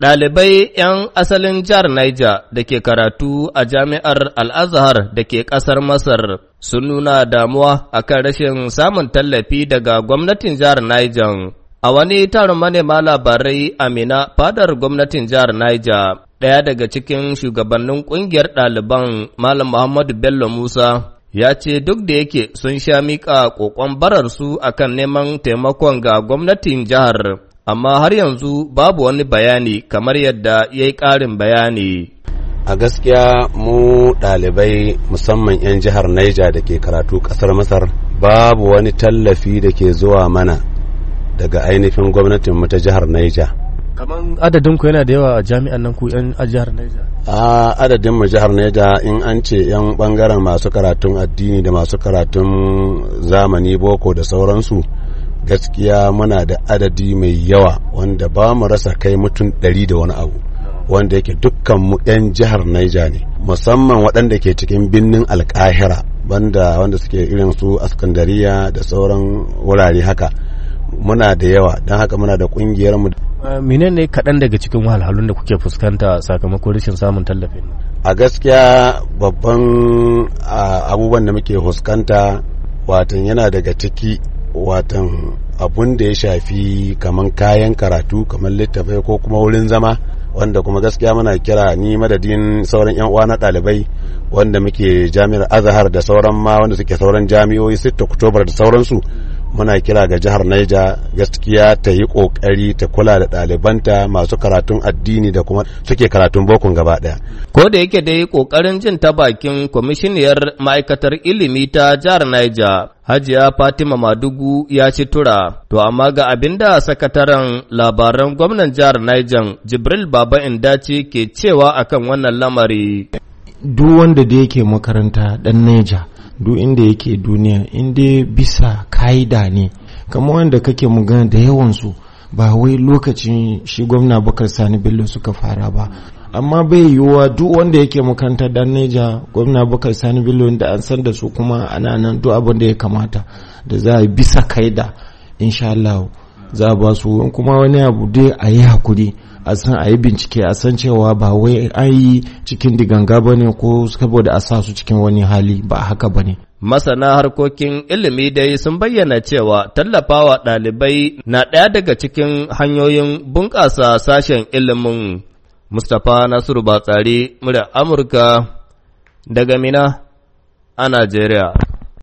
Ɗalibai ‘yan asalin jihar Niger da ke karatu a jami'ar Al'azhar da ke ƙasar Masar sun nuna damuwa a kan rashin samun tallafi daga gwamnatin jihar Niger. A wani taron manema labarai Amina fadar gwamnatin jihar Niger, ɗaya daga cikin shugabannin ƙungiyar ɗaliban Malam Muhammadu Bello Musa ya ce duk da yake sun sha miƙa ƙoƙon bararsu akan neman taimakon ga gwamnatin jihar. amma har yanzu babu wani bayani kamar yadda ya yi ƙarin bayani. A gaskiya mu ɗalibai musamman 'yan jihar Naija da ke karatu ƙasar Masar babu wani tallafi da ke zuwa mana daga ainihin gwamnatinmu ta jihar Naija. Kaman adadinku yana da yawa a jami'an nan ku 'yan jihar Naija? A adadinmu jihar Naija in an ce 'yan bangaren masu karatun addini da masu karatun zamani boko da sauransu. gaskiya muna da adadi mai yawa wanda ba mu rasa kai mutum ɗari da wani abu wanda yake dukkan mu 'yan jihar Naija ne musamman waɗanda ke cikin birnin alkahira banda wanda suke irin su askandariya da sauran wurare haka muna da yawa don haka muna da ƙungiyar mu mine ne kaɗan daga cikin wahalhalun da kuke fuskanta sakamakon rashin samun tallafin a gaskiya babban abubuwan da muke fuskanta watan yana daga ciki watan abun da ya shafi kaman kayan karatu kaman littafai ko kuma wurin zama wanda kuma gaskiya muna kira ni madadin sauran yan uwa na ɗalibai wanda muke jami'ar azahar da sauran ma wanda suke sauran jami'o'i 6 oktobar da sauransu muna kira ga jihar Niger gaskiya ta yi kokari ta kula da ɗalibanta masu karatun addini da kuma suke karatun bokun gaba ɗaya. Ko da yake dai kokarin jin ta bakin kwamishiniyar ma'aikatar ilimi ta jihar Niger Hajiya Fatima Madugu ya ci tura, to amma ga abin da sakataren labaran gwamnan jihar Niger Jibril Baba Indaci ke cewa akan wannan lamari. Duk wanda da yake makaranta ɗan Niger duk inda yake duniya inda bisa ka'ida ne kamar wanda kake magana da yawan su ba wai lokacin shi gwamna bakar sani bello suka fara ba amma bai yiwuwa duk wanda yake makarantar dan neja gwamna bakar sani bello da an san da su kuma ana nan duk abin da ya kamata da za a bisa kaida insha Allah za a ba su kuma wani abu dai a yi hakuri a san a yi bincike a san cewa ba wai an yi cikin diganga ba ne ko saboda a sa su cikin wani hali ba haka ba ne. Masana harkokin ilimi dai sun bayyana cewa tallafawa ɗalibai na ɗaya daga cikin hanyoyin bunƙasa sashen ilimin. Mustapha Nasiru Batsari, murya Amurka daga Mina a Najeriya.